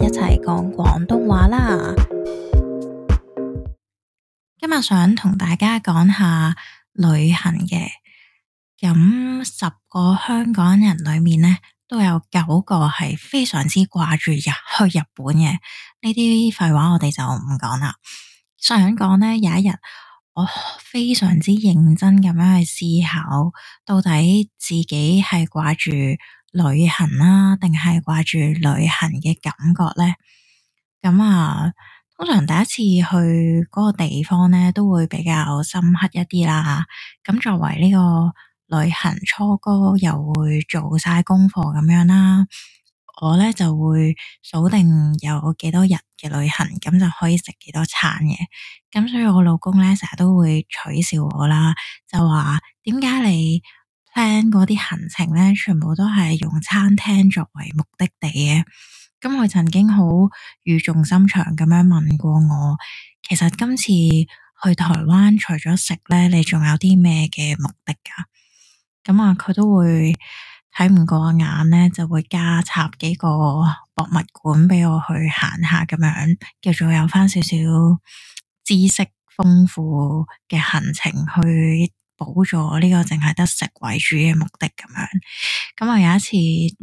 一齊講廣東話啦！今日想同大家講下旅行嘅，咁十個香港人裏面呢，都有九個係非常之掛住日去日本嘅。呢啲廢話我哋就唔講啦。想講呢，有一日，我非常之認真咁樣去思考，到底自己係掛住。旅行啦，定係掛住旅行嘅感覺呢？咁啊，通常第一次去嗰個地方呢，都會比較深刻一啲啦。咁作為呢個旅行初哥，又會做晒功課咁樣啦。我呢，就會數定有幾多日嘅旅行，咁就可以食幾多餐嘅。咁所以我老公呢，成日都會取笑我啦，就話點解你？嗰啲行程咧，全部都係用餐廳作為目的地嘅。咁佢曾經好語重心長咁樣問過我，其實今次去台灣除咗食咧，你仲有啲咩嘅目的㗎？咁啊，佢都會睇唔過眼咧，就會加插幾個博物館俾我去行下，咁樣叫做有翻少少知識豐富嘅行程去。補咗呢個淨係得食為主嘅目的咁樣咁啊。我有一次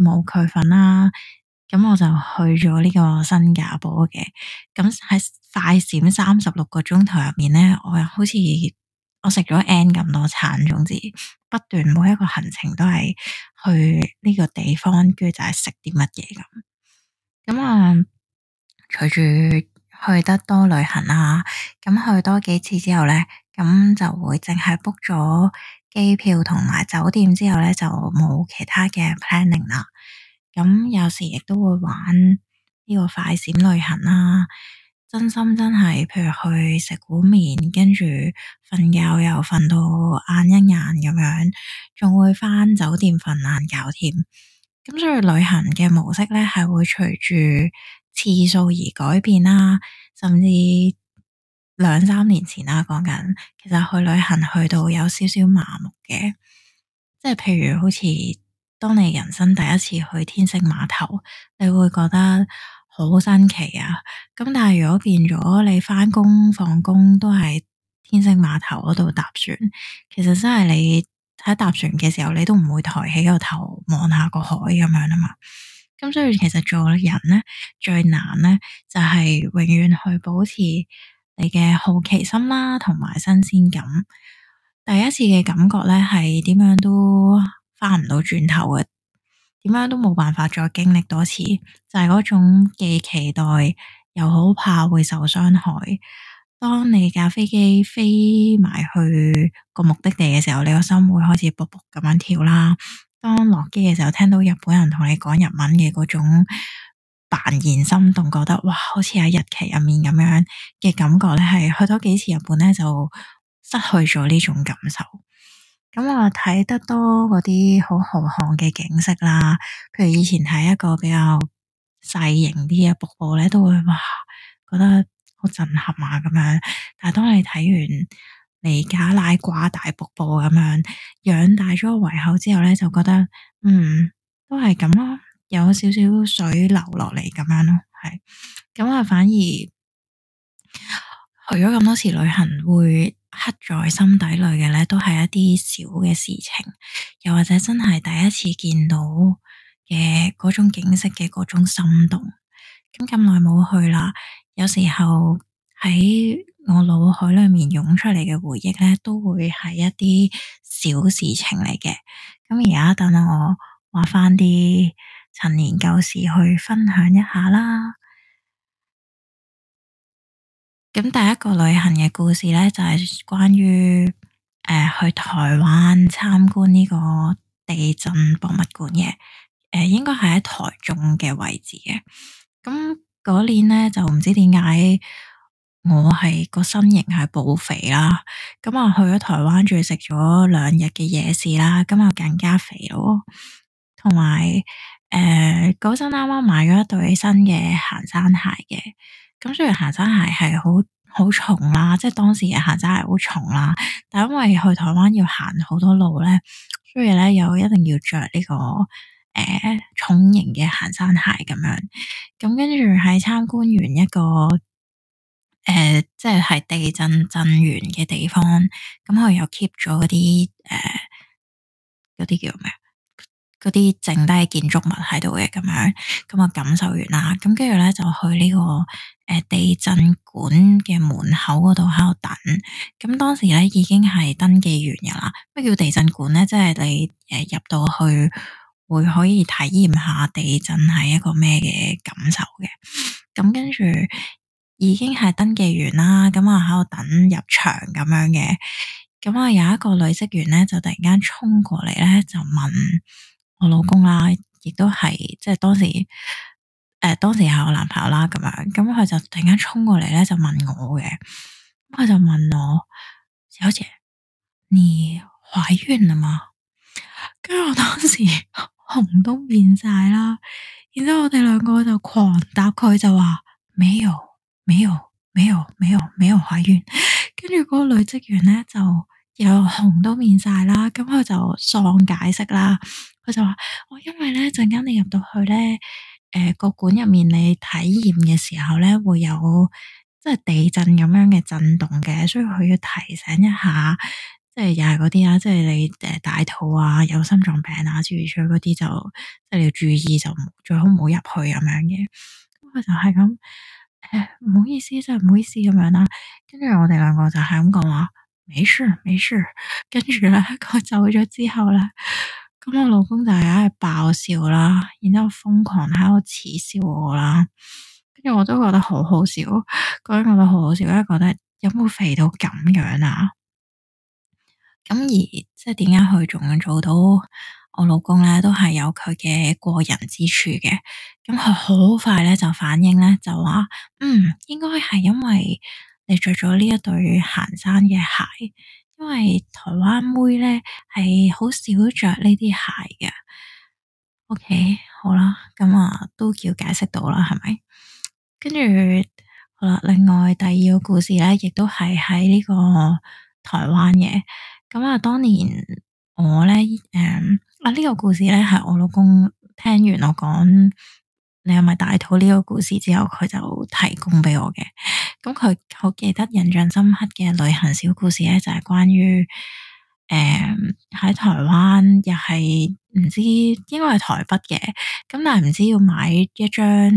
冇佢份啦，啊，咁我就去咗呢個新加坡嘅，咁喺快閃三十六個鐘頭入面咧，我又好似我食咗 n 咁多餐，總之不斷每一個行程都係去呢個地方，跟住就係食啲乜嘢咁咁啊。隨住去得多旅行啊，咁去多幾次之後咧。咁就會淨係 book 咗機票同埋酒店之後咧，就冇其他嘅 planning 啦。咁有時亦都會玩呢個快閃旅行啦、啊。真心真係，譬如去食碗麵，跟住瞓覺又瞓到晏一晏咁樣，仲會返酒店瞓晏覺添。咁所以旅行嘅模式咧，係會隨住次數而改變啦、啊，甚至。兩三年前啦，講緊其實去旅行去到有少少麻木嘅，即係譬如好似當你人生第一次去天星碼頭，你會覺得好新奇啊。咁但係如果變咗你返工放工都係天星碼頭嗰度搭船，其實真係你喺搭船嘅時候，你都唔會抬起個頭望下個海咁樣啊嘛。咁所以其實做人咧，最難咧就係永遠去保持。你嘅好奇心啦，同埋新鮮感，第一次嘅感覺咧，係點樣都翻唔到轉頭嘅，點樣都冇辦法再經歷多次，就係嗰種既期待又好怕會受傷害。當你架飛機飛埋去個目的地嘅時候，你個心會開始卜卜咁樣跳啦。當落機嘅時候，聽到日本人同你講日文嘅嗰種。扮然心動，覺得哇，好似喺日劇入面咁樣嘅感覺咧，係去咗幾次日本咧，就失去咗呢種感受。咁我睇得多嗰啲好浩瀚嘅景色啦，譬如以前睇一個比較細型啲嘅瀑布咧，都會哇，覺得好震撼啊咁樣。但係當你睇完尼加拉瓜大瀑布咁樣，養大咗個胃口之後咧，就覺得嗯，都係咁咯。有少少水流落嚟咁樣咯，係咁啊！反而去咗咁多次旅行，會刻在心底裏嘅咧，都係一啲小嘅事情，又或者真係第一次見到嘅嗰種景色嘅嗰種心動。咁咁耐冇去啦，有時候喺我腦海裏面湧出嚟嘅回憶咧，都會係一啲小事情嚟嘅。咁而家等等我話翻啲。陳年舊事去分享一下啦。咁第一個旅行嘅故事咧，就係、是、關於誒、呃、去台灣參觀呢個地震博物館嘅。誒、呃，應該係喺台中嘅位置嘅。咁嗰年咧，就唔知點解我係個身形係暴肥啦。咁啊，去咗台灣，仲要食咗兩日嘅夜市啦。咁啊，更加肥咯。同埋。誒，嗰陣啱啱買咗一對新嘅行山鞋嘅，咁雖然行山鞋係好好重啦，即係當時嘅行山鞋好重啦，但因為去台灣要行好多路咧，所以咧又一定要着呢、這個誒、呃、重型嘅行山鞋咁樣。咁跟住喺參觀完一個誒、呃，即係地震震源嘅地方，咁佢又 keep 咗啲誒，嗰、呃、啲叫咩？嗰啲剩低嘅建築物喺度嘅咁樣，咁啊感受完啦，咁跟住咧就去呢、這個誒、呃、地震館嘅門口嗰度喺度等。咁當時咧已經係登記完噶啦，咩叫地震館咧？即係你誒、呃、入到去會可以體驗下地震係一個咩嘅感受嘅。咁跟住已經係登記完啦，咁啊喺度等入場咁樣嘅。咁啊有一個女職員咧就突然間衝過嚟咧就問。我老公啦，亦都係即係當時，誒、呃、當時係我男朋友啦，咁樣咁佢就突然間衝過嚟咧，就問我嘅，咁佢就問我「小姐，你懷孕嘛？」跟住我當時 紅都變晒啦，然之後我哋兩個就狂答佢，就話沒有，沒有，沒有，沒有，沒有懷孕。跟住嗰個女職員咧就。有紅都面晒，啦，咁佢就喪解釋啦。佢就話我因為咧，陣間你入到去咧，誒個館入面你體驗嘅時候咧，會有即係地震咁樣嘅震動嘅，所以佢要提醒一下，即係又係嗰啲啦，即係你誒大肚啊，有心臟病啊，之類咁嗰啲就即係你要注意，就最好唔好入去咁樣嘅。咁佢就係咁誒，唔好意思，真係唔好意思咁樣啦。跟住我哋兩個就係咁講話。沒事，沒事，跟住咧，佢走咗之後咧，咁我老公就喺度爆笑啦，然之後瘋狂喺度恥笑我啦，跟住我都覺得好好笑，個人我都好好笑，因為覺得有冇肥到咁樣啊？咁而即係點解佢仲做到我老公咧，都係有佢嘅過人之處嘅。咁佢好快咧就反應咧，就話嗯，應該係因為。你着咗呢一對行山嘅鞋，因為台灣妹咧係好少着呢啲鞋嘅。OK，好啦，咁、嗯、啊都叫解釋到啦，係咪？跟住好啦，另外第二個故事咧，亦都係喺呢個台灣嘅。咁、嗯、啊，當年我咧，誒、嗯、啊呢、這個故事咧係我老公聽完我講。你係咪大肚呢個故事之後佢就提供俾我嘅？咁佢好記得印象深刻嘅旅行小故事咧，就係關於誒喺台灣又係唔知應該係台北嘅，咁但係唔知要買一張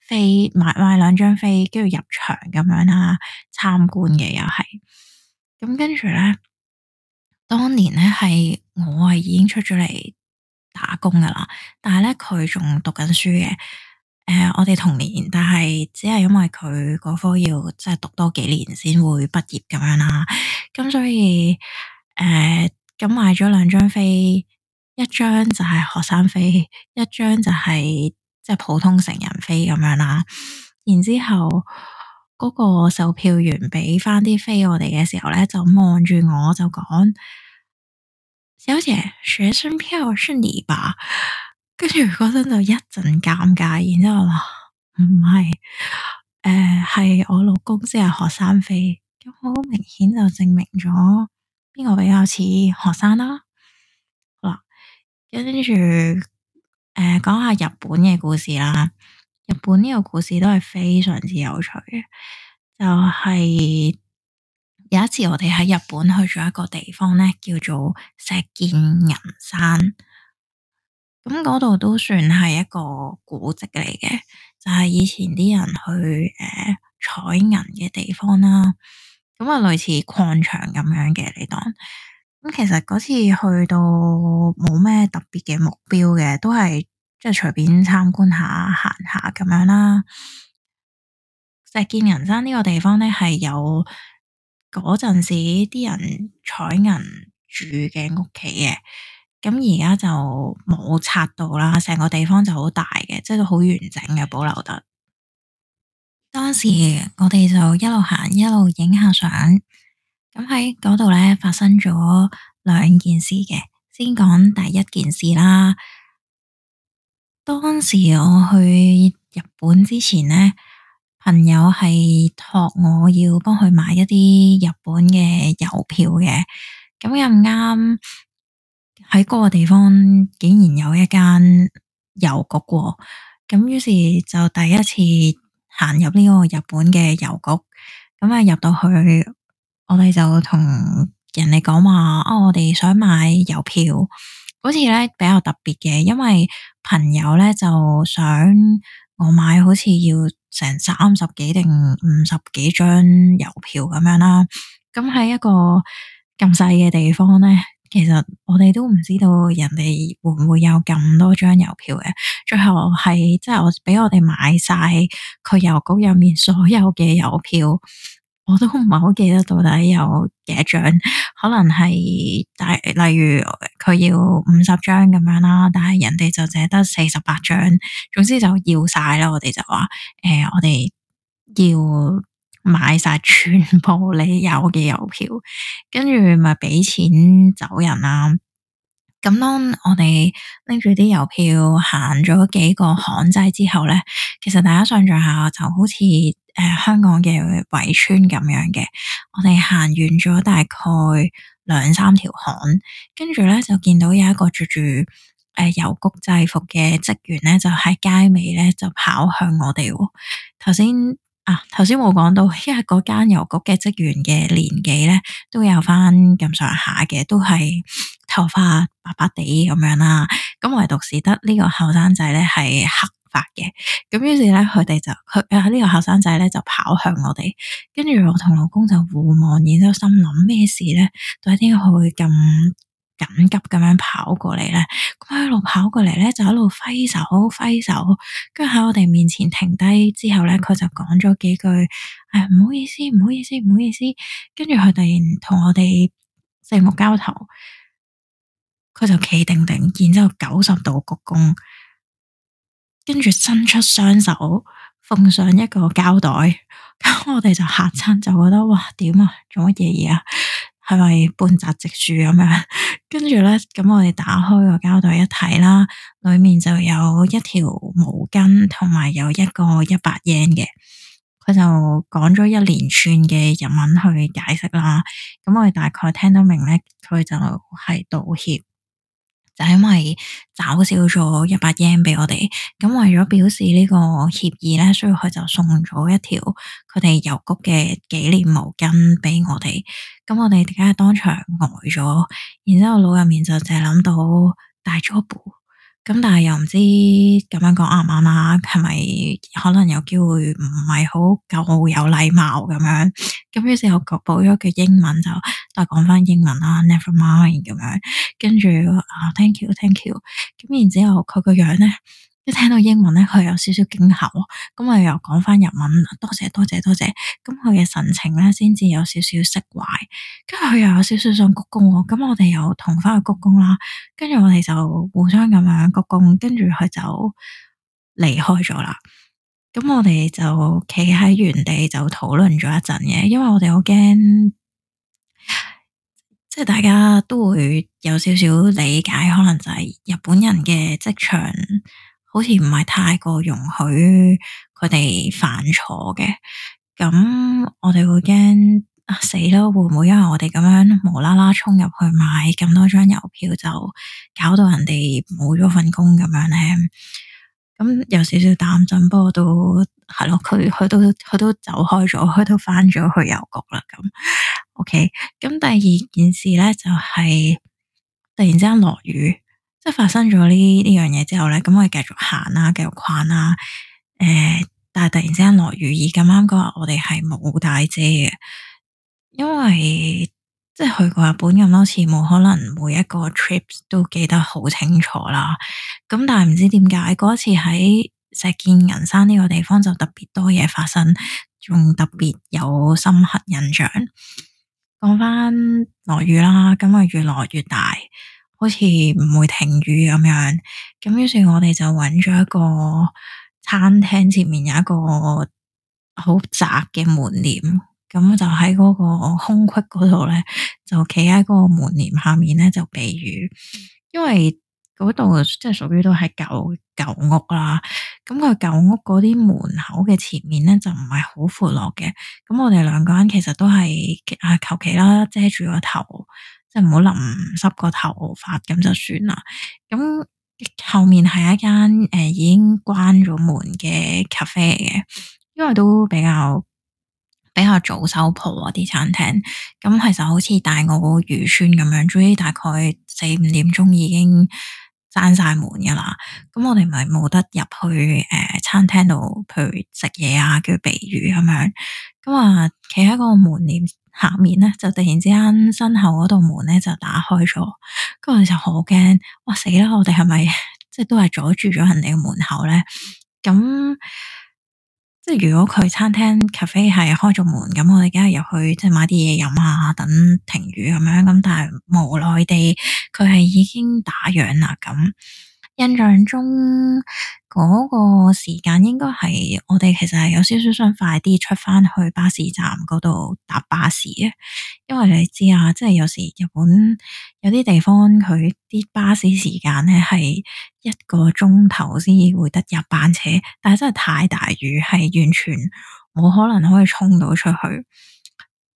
飛買買兩張飛，跟住入場咁樣啦參觀嘅又係，咁跟住咧當年咧係我啊已經出咗嚟。打工噶啦，但係咧佢仲讀緊書嘅。誒、呃，我哋同年，但係只係因為佢嗰科要即係讀多幾年先會畢業咁樣啦。咁所以誒，咁、呃、買咗兩張飛，一張就係學生飛，一張就係即係普通成人飛咁樣啦。然之後嗰個售票員俾翻啲飛我哋嘅時候咧，就望住我就講。小姐，學生票係你吧？跟住嗰陣就一陣尷尬，然之後話唔係，誒係、呃、我老公即係學生飛，咁好明顯就證明咗邊個比較似學生啦。嗱，跟住誒講下日本嘅故事啦，日本呢個故事都係非常之有趣嘅，就係、是。有一次我哋喺日本去咗一個地方咧，叫做石見銀山，咁嗰度都算係一個古蹟嚟嘅，就係以前啲人去誒採銀嘅地方啦，咁啊類似礦場咁樣嘅，你當咁其實嗰次去到冇咩特別嘅目標嘅，都係即係隨便參觀下行下咁樣啦。石見銀山呢個地方咧係有。嗰陣時，啲人採銀住嘅屋企嘅，咁而家就冇拆到啦，成個地方就好大嘅，即係都好完整嘅保留得。 當時我哋就一路行，一路影下相。咁喺嗰度咧，發生咗兩件事嘅。先講第一件事啦。當時我去日本之前咧。朋友係托我要幫佢買一啲日本嘅郵票嘅，咁又啱喺嗰個地方竟然有一間郵局喎。哦，咁於是就第一次行入呢個日本嘅郵局，咁啊入到去，我哋就同人哋講話，啊、哦、我哋想買郵票，好似咧比較特別嘅，因為朋友咧就想我買，好似要成三十幾定五十幾張郵票咁樣啦，咁喺一個咁細嘅地方咧，其實我哋都唔知道人哋會唔會有咁多張郵票嘅。最後係即係我俾我哋買晒佢郵局入面所有嘅郵票。我都唔係好記得到底有幾張，可能係大例如佢要五十張咁樣啦，但係人哋就淨係得四十八張，總之就要晒啦。我哋就話，誒、呃，我哋要買晒全部你有嘅郵票，跟住咪畀錢走人啦、啊。咁當我哋拎住啲郵票行咗幾個巷仔之後咧，其實大家想象下就好似誒、呃、香港嘅圍村咁樣嘅。我哋行完咗大概兩三條巷，跟住咧就見到有一個着住誒郵局制服嘅職員咧，就喺街尾咧就跑向我哋喎。頭先啊，頭先冇講到，因為嗰間郵局嘅職員嘅年紀咧都有返咁上下嘅，都係。頭髮白白地咁樣啦，咁唯獨是得呢個後生仔咧係黑髮嘅，咁於是咧佢哋就佢啊呢個後生仔咧就跑向我哋，跟住我同老公就互望，然之後心諗咩事咧？到底點解佢會咁緊急咁樣跑過嚟咧？咁一路跑過嚟咧就一路揮手揮手，跟住喺我哋面前停低之後咧，佢就講咗幾句誒，唔好意思，唔好意思，唔好意思，跟住佢突然同我哋四目交投。佢就企定定，然之後九十度鞠躬，跟住伸出雙手奉上一個膠袋。咁我哋就嚇親，就覺得哇，點啊，做乜嘢嘢啊？係咪半澤直樹咁樣？跟住咧，咁我哋打開個膠袋一睇啦，裏面就有一條毛巾同埋有一個一百 yen 嘅。佢就講咗一連串嘅日文去解釋啦。咁我哋大概聽到明咧，佢就係道歉。就因為找少咗一百 yen 俾我哋，咁為咗表示呢個歉意咧，所以佢就送咗一條佢哋郵局嘅紀念毛巾俾我哋，咁我哋而家係當場呆咗，然之後腦入面就淨係諗到大丈夫咁、嗯、但係又唔知咁樣講啱唔啱啊？係咪可能有機會唔係好夠有禮貌咁樣,、啊、樣？咁於是又補咗句英文就，都係講翻英文啦，never mind 咁樣。跟住啊，thank you，thank you。咁然之後佢個樣咧。一聽到英文咧，佢有少少驚吓喎，咁我又講翻日文，多謝多謝多謝，咁佢嘅神情咧，先至有少少釋懷，跟住佢又有少少想鞠躬，咁我哋又同翻佢鞠躬啦，跟住我哋就互相咁樣鞠躬，跟住佢就離開咗啦，咁我哋就企喺原地就討論咗一陣嘢，因為我哋好驚，即係大家都會有少少理解，可能就係日本人嘅職場。好似唔係太過容許佢哋犯錯嘅，咁我哋會驚、啊、死咯！會唔會因為我哋咁樣無啦啦衝入去買咁多張郵票，就搞到人哋冇咗份工咁樣咧？咁有少少擔心，不過都係咯，佢都佢都走開咗，佢都翻咗去郵局啦。咁 OK，咁第二件事咧就係、是、突然之間落雨。即係發生咗呢呢樣嘢之後咧，咁我哋繼續行啦、啊，繼續逛啦、啊。誒、呃，但係突然之間落雨，而咁啱嗰日我哋係冇帶遮嘅，因為即係去過日本咁多、那個、次，冇可能每一個 trips 都記得好清楚啦。咁但係唔知點解嗰次喺石見銀山呢個地方就特別多嘢發生，仲特別有深刻印象。講翻落雨啦，咁啊越落越大。好似唔會停雨咁樣，咁於是我哋就揾咗一個餐廳，前面有一個好窄嘅門簾，咁就喺嗰個空隙嗰度咧，就企喺嗰個門簾下面咧就避雨，因為嗰度即係屬於都係舊舊屋啦，咁佢舊屋嗰啲門口嘅前面咧就唔係好闊落嘅，咁我哋兩個人其實都係啊求其啦，遮住個頭。即係唔好淋濕個頭髮咁就算啦。咁後面係一間誒、呃、已經關咗門嘅咖啡嚟嘅，因為都比較比較早收鋪啊啲餐廳。咁其實好似大澳個漁村咁樣，所以大概四五點鐘已經閂晒門噶啦。咁我哋咪冇得入去誒、呃、餐廳度譬如食嘢啊，叫避雨咁樣。咁啊，企、呃、喺個門簾。下面咧就突然之間身後嗰道門咧就打開咗，嗰陣就好驚，哇死啦！我哋係咪即係都係阻住咗人哋嘅門口咧？咁即係如果佢餐廳 cafe 係開咗門，咁我哋梗係入去即係買啲嘢飲啊，等停雨咁樣咁，但係無奈地佢係已經打烊啦咁。印象中嗰個時間應該係我哋其實係有少少想快啲出翻去巴士站嗰度搭巴士嘅，因為你知啊，即係有時日本有啲地方佢啲巴士時間咧係一個鐘頭先會得一班車。但係真係太大雨，係完全冇可能可以衝到出去，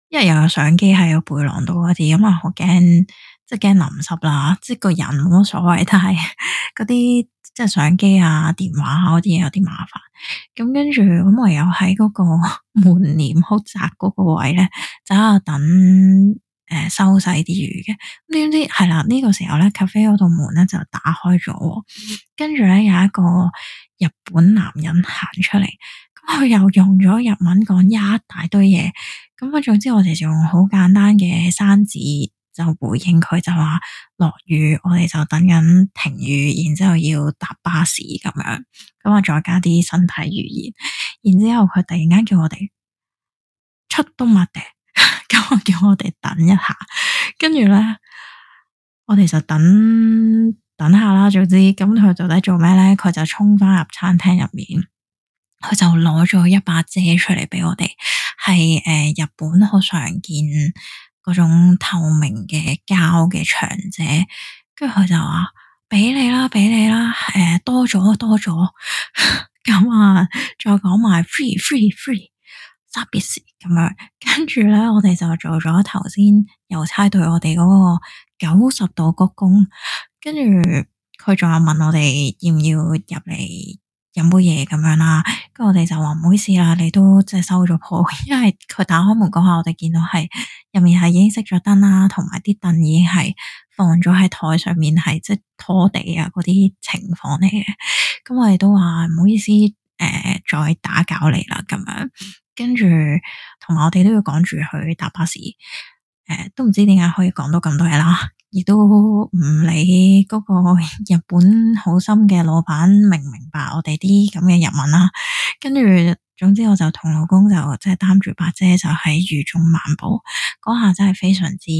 因為又有相機喺我背囊度嗰啲，咁啊好驚。即係驚淋濕啦，即係個人冇乜所謂，但係嗰啲即係相機啊、電話啊嗰啲嘢有啲麻煩。咁跟住咁唯有喺嗰個門簾好窄嗰個位咧，就喺度等誒、呃、收細啲魚嘅。呢啲係啦？呢、呢個時候咧，咖啡嗰度門咧就打開咗，跟住咧有一個日本男人行出嚟，咁佢又用咗日文講一大堆嘢。咁我總之我哋仲用好簡單嘅生字，就回應佢就話落雨，我哋就等緊停雨，然之後要搭巴士咁樣。咁我再加啲身體語言，然之後佢突然間叫我哋出動物嘅，咁 我叫我哋等一下。跟住咧，我哋就等等下啦。總之，咁佢到底做咩咧？佢就沖翻入餐廳入面，佢就攞咗一把遮出嚟俾我哋，係誒、呃、日本好常見嗰種透明嘅膠嘅長者，跟住佢就話俾你啦，俾你啦，誒、呃，多咗多咗，咁 啊，再講埋 free free free，執別事咁樣，跟住咧，我哋就做咗頭先郵差對我哋嗰個九十度鞠躬。跟住佢仲有問我哋要唔要入嚟。飲杯嘢，咁樣啦，跟住我哋就話唔好意思啦，你都即係收咗鋪，因為佢打開門嗰下，我哋見到係入面係已經熄咗燈啦，同埋啲凳已經係放咗喺台上面，係即係拖地啊嗰啲情況嚟嘅。咁我哋都話唔好意思，誒、呃，再打攪你啦咁樣。跟住同埋我哋都要趕住去搭巴士，誒、呃，都唔知點解可以講到咁多嘢啦。亦都唔理嗰個日本好心嘅老闆，明唔明白我哋啲咁嘅日文啦，跟住總之我就同老公就即係擔住把遮，就喺雨中漫步。嗰下真係非常之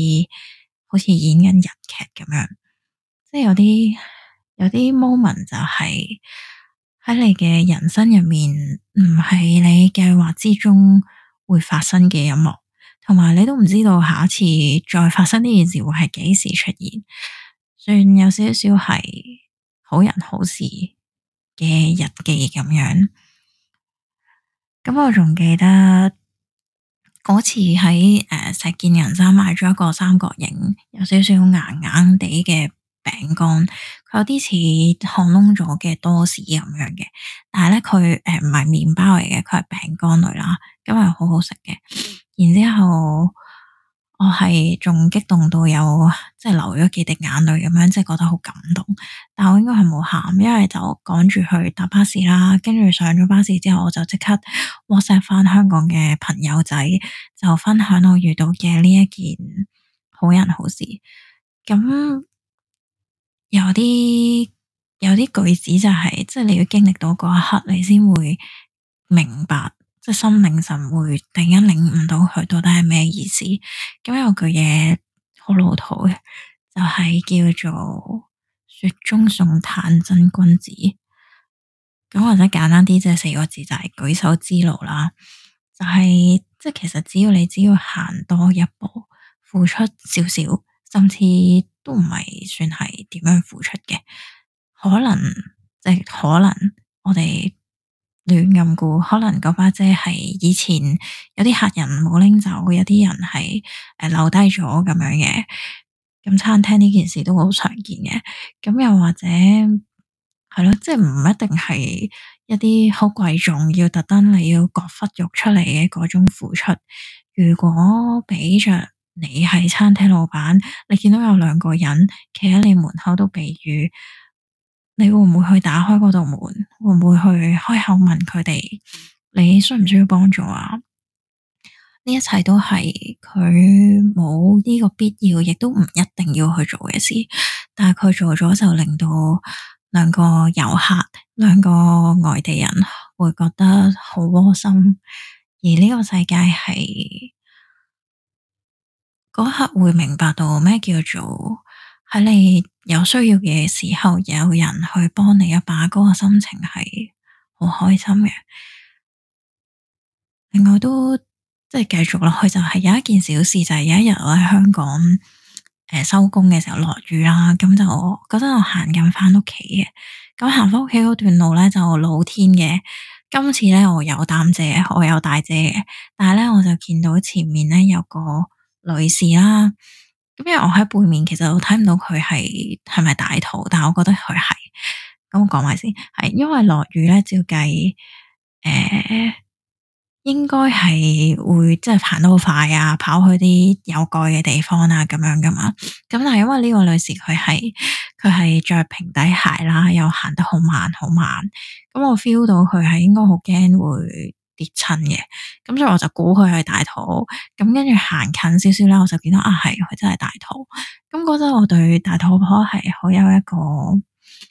好似演緊日劇咁樣，即係有啲有啲 moment 就係喺你嘅人生入面，唔係你計劃之中會發生嘅一幕。同埋你都唔知道下一次再發生呢件事會係幾時出現，算有少少係好人好事嘅日記咁樣。咁我仲記得嗰次喺誒、呃、石見銀山買咗一個三角形，有少少硬硬地嘅餅乾，佢有啲似烘燶咗嘅多士咁樣嘅，但係咧佢誒唔係麵包嚟嘅，佢係餅乾類啦，咁係好好食嘅。然之後，我係仲激動到有即係流咗幾滴眼淚咁樣，即係覺得好感動。但我應該係冇喊，因為就趕住去搭巴士啦。跟住上咗巴士之後，我就即刻 WhatsApp 翻香港嘅朋友仔，就分享我遇到嘅呢一件好人好事。咁有啲有啲句子就係，即係你要經歷到嗰一刻，你先會明白。即係心領神會，突然間領悟到佢到底係咩意思？咁有句嘢好老土嘅，就係、是、叫做雪中送炭真君子。咁或者簡單啲，即係四個字、就是，就係舉手之勞啦。就係、是、即係其實只要你只要行多一步，付出少少，甚至都唔係算係點樣付出嘅，可能即係可能我哋。亂咁估，可能嗰把遮係以前有啲客人冇拎走，有啲人係誒、呃、留低咗咁樣嘅。咁餐廳呢件事都好常見嘅。咁又或者係咯，即係唔一定係一啲好貴重，要特登你要割窟肉出嚟嘅嗰種付出。如果俾着你係餐廳老闆，你見到有兩個人企喺你門口都避雨。你會唔會去打開嗰道門？會唔會去開口問佢哋？你需唔需要幫助啊？呢一切都係佢冇呢個必要，亦都唔一定要去做嘅事。但係佢做咗就令到兩個遊客、兩個外地人會覺得好窩心。而呢個世界係嗰刻會明白到咩叫做。喺你有需要嘅時候，有人去幫你一把，嗰個心情係好開心嘅。另外都即係繼續落去，就係、是、有一件小事，就係、是、有一日我喺香港誒、呃、收工嘅時候落雨啦，咁就覺得我行緊返屋企嘅，咁行返屋企嗰段路咧就露天嘅。今次咧我有擔遮，我有大遮嘅，但係咧我就見到前面咧有個女士啦。咁因為我喺背面，其實我睇唔到佢係係咪大肚，但係我覺得佢係，咁我講埋先，係因為落雨咧，照計，誒、呃，應該係會即係行得好快啊，跑去啲有蓋嘅地方啊，咁樣噶嘛。咁但係因為呢個女士佢係佢係着平底鞋啦，又行得好慢好慢，咁我 feel 到佢係應該好驚會。跌親嘅，咁所以我就估佢係大肚，咁跟住行近少少啦，我就見到啊，係佢真係大肚，咁嗰陣我對大肚婆係好有一個，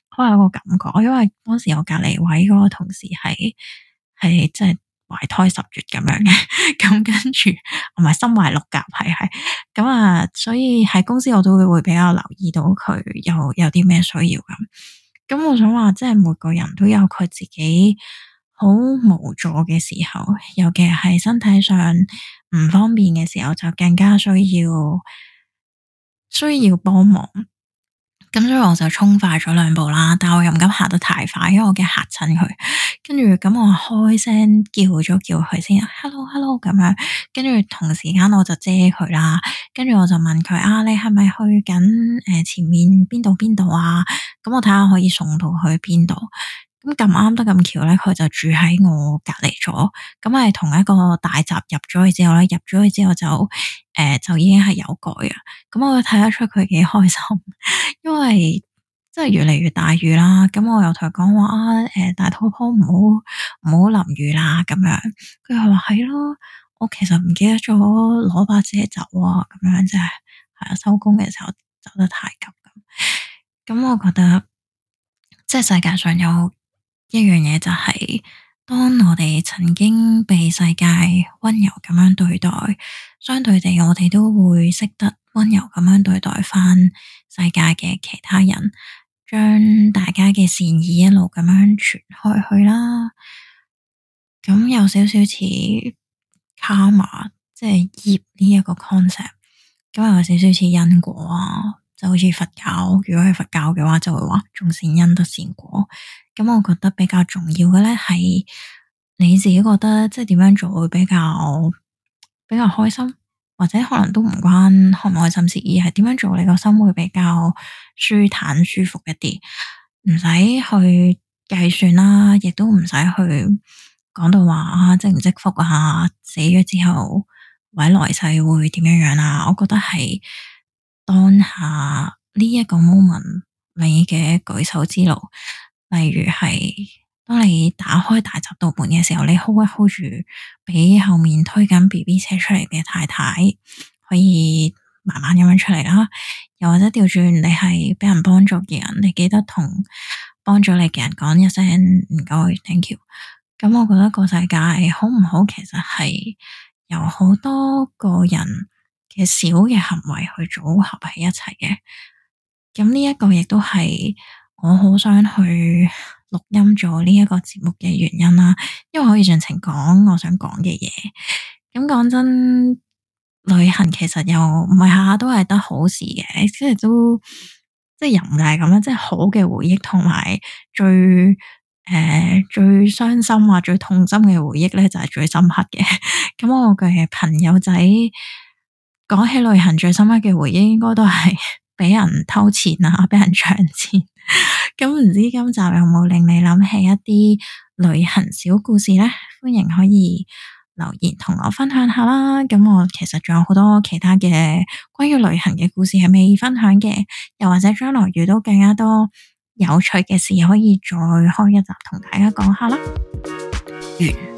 好有一個感覺。因為當時我隔籬位嗰個同事係係真係懷胎十月咁樣嘅，咁跟住唔係心懷六甲係係，咁啊，所以喺公司我都會比較留意到佢有有啲咩需要咁。咁我想話，即係每個人都有佢自己。好無助嘅時候，尤其係身體上唔方便嘅時候，就更加需要需要幫忙。咁所以我就衝快咗兩步啦，但我又唔敢行得太快，因為我驚嚇親佢。跟住咁我開聲叫咗叫佢先，hello hello 咁樣。跟住同時間我就遮佢啦。跟住我就問佢啊，你係咪去緊誒前面邊度邊度啊？咁我睇下可以送到去邊度。咁咁啱得咁巧咧，佢就住喺我隔籬咗，咁係同一個大閘入咗去之後咧，入咗去之後就誒、呃、就已經係有蓋啊。咁、嗯、我睇得出佢幾開心，因為真係越嚟越大雨啦。咁、嗯、我又同佢講話啊，誒、呃、大肚婆唔好唔好淋雨啦，咁樣。佢係話係咯，我其實唔記得咗攞把遮走啊，咁樣啫。係、嗯、啊，收工嘅時候走得太急。咁、嗯，咁、嗯、我覺得即係世界上有，一樣嘢就係，當我哋曾經被世界温柔咁樣對待，相對地，我哋都會識得温柔咁樣對待翻世界嘅其他人，將大家嘅善意一路咁樣傳開去啦。咁有少少似 karma，即係業呢一個 concept，咁有少少似因果啊。就好似佛教，如果係佛教嘅話，就會話種善因得善果。咁我覺得比較重要嘅咧，係你自己覺得即係點樣做會比較比較開心，或者可能都唔關開唔開心事。而係點樣做你個心會比較舒坦舒服一啲，唔使去計算啦，亦都唔使去講到話啊積唔積福啊，死咗之後或來世會點樣樣啊？我覺得係。當下呢一個 moment，你嘅舉手之勞，例如係當你打開大閘道門嘅時候，你 hold 一 hold 住，俾後面推緊 B B 車出嚟嘅太太可以慢慢咁樣出嚟啦。又或者調轉，你係俾人幫助嘅人，你記得同幫助你嘅人講一聲唔該 thank you。咁我覺得個世界好唔好，其實係由好多個人。嘅小嘅行為去組合喺一齊嘅，咁呢一個亦都係我好想去錄音咗呢一個節目嘅原因啦，因為可以盡情講我想講嘅嘢。咁講真，旅行其實又唔係下下都係得好事嘅，其實都即係又唔係咁樣，即係好嘅回憶同埋最誒、呃、最傷心啊最痛心嘅回憶咧就係、是、最深刻嘅。咁我嘅朋友仔。講起旅行最深刻嘅回憶，應該都係畀人偷錢啊，畀人搶錢。咁 唔、嗯、唔知今集有冇令你諗起一啲旅行小故事咧？歡迎可以留言同我分享下啦。咁我其實仲有好多其他嘅關於旅行嘅故事係未分享嘅，又或者將來遇到更加多有趣嘅事，可以再開一集同大家講下啦。完。